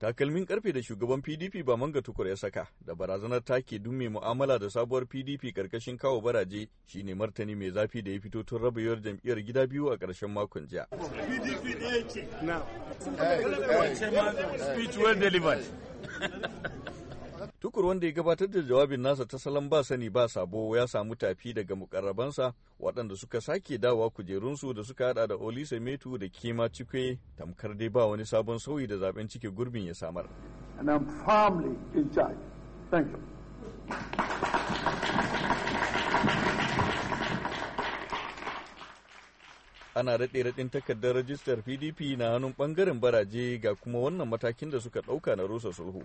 takalmin karfe da shugaban pdp ba manga tukur ya saka da barazanar take dun mai mu'amala da sabuwar pdp karkashin kawo baraje shine martani mai zafi da ya fito tun rabayuwar jam'iyyar gida biyu a ƙarshen makon jiya pdp Tukur wanda ya gabatar da jawabin nasa ta salon ba sani ba sabo ya samu tafi daga mukarrabansa waɗanda suka sake dawa kujerunsu da suka hada da Olise Metu da kima cikwe tamkar dai ba wani sabon sauyi da zaben cike gurbin ya samar. ana daɗe raɗin takardar rajistar pdp na hannun ɓangaren baraje ga kuma wannan matakin da suka ɗauka na rusa sulhu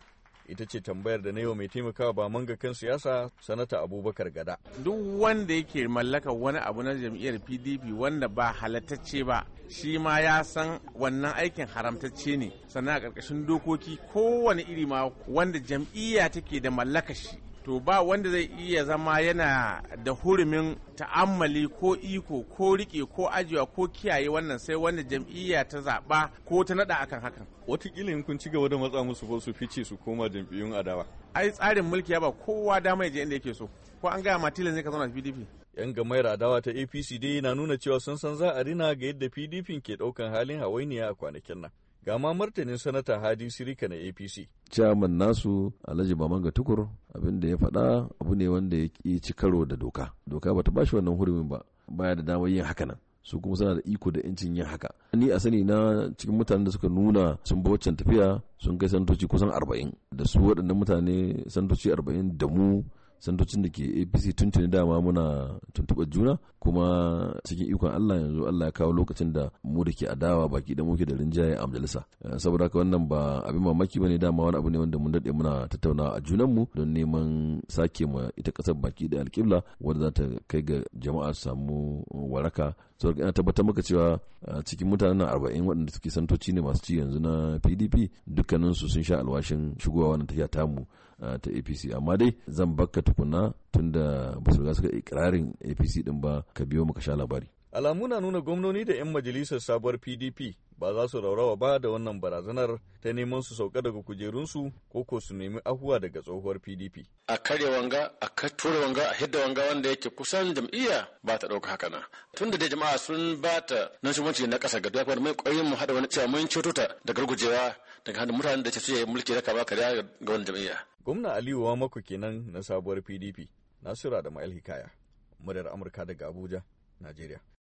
ita ce tambayar da na yau mai taimakawa ba manga kan siyasa sanata abubakar gada duk wanda yake mallaka wani abu na jam'iyyar pdp wanda ba halatacce ba shi ma ya san wannan aikin haramtacce ne sannan a ƙarƙashin dokoki kowane iri ma wanda jam'iyya take da mallaka shi to ba wanda zai iya zama yana da hurumin ta'ammali ko iko ko rike ko ajiwa ko kiyaye wannan sai wanda jam'iyya ta zaɓa ko ta naɗa akan hakan. Watakila in kun ci gaba da matsa musu ba su fice su koma jam'iyyun adawa. Ai tsarin mulki ya ba kowa dama ya je inda yake so ko an gaya ma zai ka zauna PDP. 'yan gamayar adawa ta apc dai na nuna cewa sun san za a rina ga yadda pdp ke daukan halin hawainiya a kwanakin nan Ga ma martanin sanata Hadi Sirika na APC. chairman nasu Alhaji ga Tukur abin da ya faɗa abu ne wanda ya ci karo da doka. Doka bata ba shi wannan hurumin ba. Baya da damar yin haka nan. su kuma suna da iko da yancin yin haka ni a sani na cikin mutanen da suka nuna sun bi wancan tafiya sun kai santoci kusan arba'in da su waɗannan mutane santoci arba'in da mu santocin da ke apc tun tuni dama muna tuntuɓar juna kuma cikin ikon allah yanzu allah ya kawo lokacin da mu da ke adawa baki da muke da rinjaye a majalisa eh, saboda haka wannan ba abin mamaki ba ne dama wani abu ne wanda mun daɗe muna tattaunawa a junanmu don neman sake ma ita ƙasar baki da alƙibla wanda za ta kai ga jama'a su samu waraka saboda ina tabbatar maka cewa eh, cikin mutanen na arba'in waɗanda suke santoci ne masu ci yanzu na pdp dukkaninsu sun sha alwashin shigowa wannan tafiya tamu eh, ta apc amma dai zan bakka tukuna tunda ba su riga suka ikirarin apc din ba ka biyo mu ka sha labari alamu na nuna gwamnoni da 'yan majalisar sabuwar pdp ba za su raurawa ba da wannan barazanar ta neman su sauka daga kujerunsu ko ko su nemi ahuwa daga tsohuwar pdp a karya wanga a tura wanga a hidda wanga wanda yake kusan jam'iyya ba ta ɗauka haka na tun da jama'a sun ba ta nan shugabanci na ƙasa ga duk mai ƙwayoyin mu haɗa wani cewa mun ceto ta daga gujewa daga hannun mutanen da ke suke mulki raka ba kariya ga wani jam'iyya. Gwamna Aliyu wa maku kenan na sabuwar PDP, Nasura da Ma'il Hikaya, muryar Amurka daga Abuja, Najeriya.